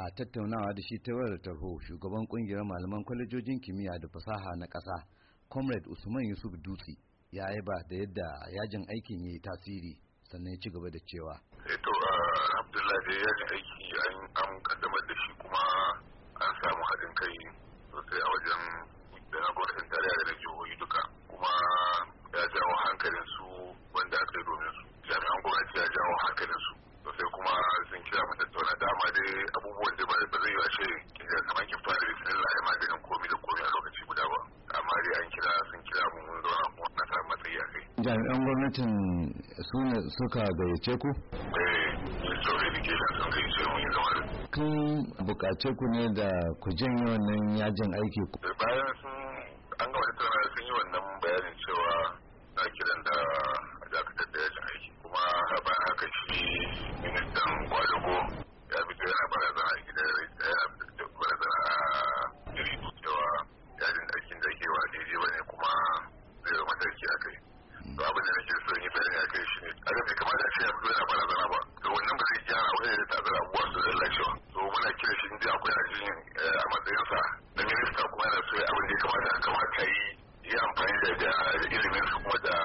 a tattaunawa da shi ta wayar tarho shugaban kungiyar malaman kwalejojin kimiyya da fasaha na ƙasa comrade usman yusuf dutse ya yaba da yadda yajin aikin ya yi tasiri sannan ya ci gaba da cewa eh to da yajin aiki an kaddamar da shi kuma an samu haɗin kai sosai a wajen da na gwamnatin tarayya da na jihohi duka kuma ya jawo hankalinsu abubuwan da ba zai yi ce eh, kamar ki fara da bismillah ya maganin komi da komi a lokaci an kira sun kira mun zauna kuma na samu matsayi a kai. jami'an gwamnatin suka gayyace ku? eh ku ne da ku janye wannan yajin aiki ku. bayan sun muna kira shi inda akwai ajiyar eh, a matsayinsa da minista kuma yana so abin da ya kamata a kamata yi ya amfani da ilimin su kuma da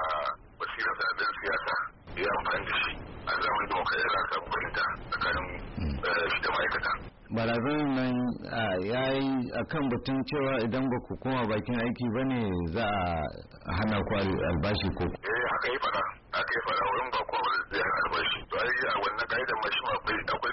basirar zaben siyasa ya amfani da shi a zamanin da muka yana samun fahimta tsakanin hmm. eh, shi da ma'aikata. barazanar nan ya yi a kan batun cewa idan ba ku koma bakin aiki ba ne za a hana ku albashi ko. eh haka yi fada haka yi fada wurin ba kowa wani zai albashi to yi a wannan ka'idar mashi akwai akwai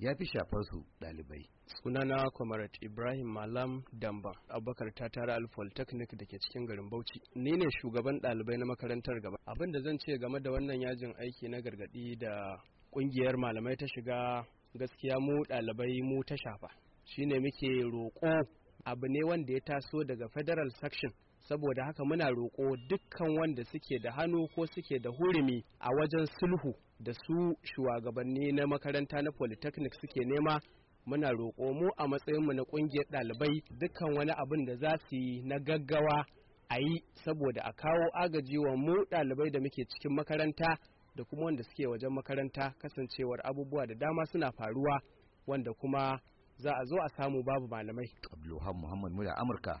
ya fi shafar su ɗalibai. sunana kwamarat ibrahim malam damba abubakar ta tara polytechnic da ke cikin garin bauchi ni ne shugaban ɗalibai na makarantar gaba abin da zan ce game da wannan yajin aiki na gargaɗi da ƙungiyar malamai ta shiga gaskiya mu ɗalibai mu ta shafa shine muke roƙo abu ne wanda ya taso daga federal section saboda haka muna roƙo dukkan wanda suke da hannu ko suke da hurumi a wajen sulhu da su shugabanni na makaranta na polytechnic suke nema muna roƙo mu a matsayinmu na ƙungiyar ɗalibai dukkan wani abin da za su yi na gaggawa a yi saboda a kawo agaji wa mu ɗalibai da muke cikin makaranta da kuma wanda suke wajen makaranta kasancewar abubuwa da dama suna faruwa wanda kuma za a zo a samu babu malamai. Abdulhamid Muhammad Muda Amurka